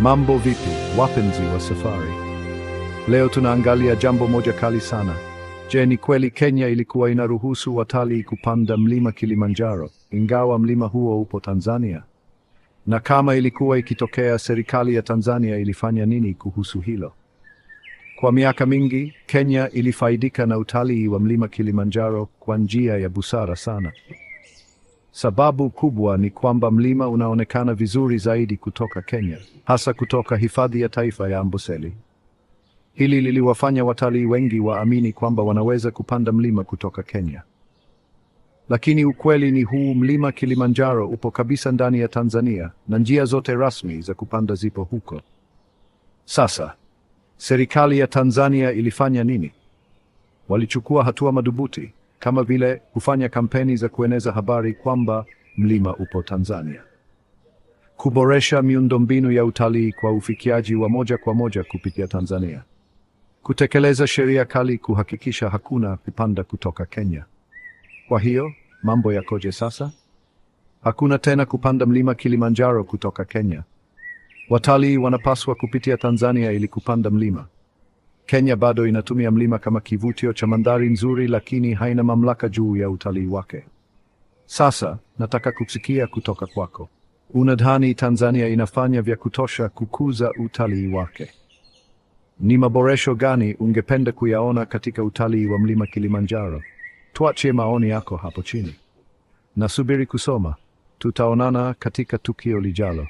Mambo vipi wapenzi wa safari? Leo tunaangalia jambo moja kali sana. Je, ni kweli Kenya ilikuwa inaruhusu watalii kupanda mlima Kilimanjaro ingawa mlima huo upo Tanzania? Na kama ilikuwa ikitokea, serikali ya Tanzania ilifanya nini kuhusu hilo? Kwa miaka mingi, Kenya ilifaidika na utalii wa mlima Kilimanjaro kwa njia ya busara sana. Sababu kubwa ni kwamba mlima unaonekana vizuri zaidi kutoka Kenya, hasa kutoka hifadhi ya taifa ya Amboseli. Hili liliwafanya watalii wengi waamini kwamba wanaweza kupanda mlima kutoka Kenya. Lakini ukweli ni huu, mlima Kilimanjaro upo kabisa ndani ya Tanzania na njia zote rasmi za kupanda zipo huko. Sasa, serikali ya Tanzania ilifanya nini? Walichukua hatua madhubuti kama vile kufanya kampeni za kueneza habari kwamba mlima upo Tanzania, kuboresha miundombinu ya utalii kwa ufikiaji wa moja kwa moja kupitia Tanzania, kutekeleza sheria kali kuhakikisha hakuna kupanda kutoka Kenya. Kwa hiyo mambo yakoje sasa? Hakuna tena kupanda mlima Kilimanjaro kutoka Kenya. Watalii wanapaswa kupitia Tanzania ili kupanda mlima. Kenya bado inatumia mlima kama kivutio cha mandhari nzuri, lakini haina mamlaka juu ya utalii wake. Sasa nataka kusikia kutoka kwako. Unadhani Tanzania inafanya vya kutosha kukuza utalii wake? Ni maboresho gani ungependa kuyaona katika utalii wa mlima Kilimanjaro? Tuachie maoni yako hapo chini. Nasubiri kusoma. Tutaonana katika tukio lijalo.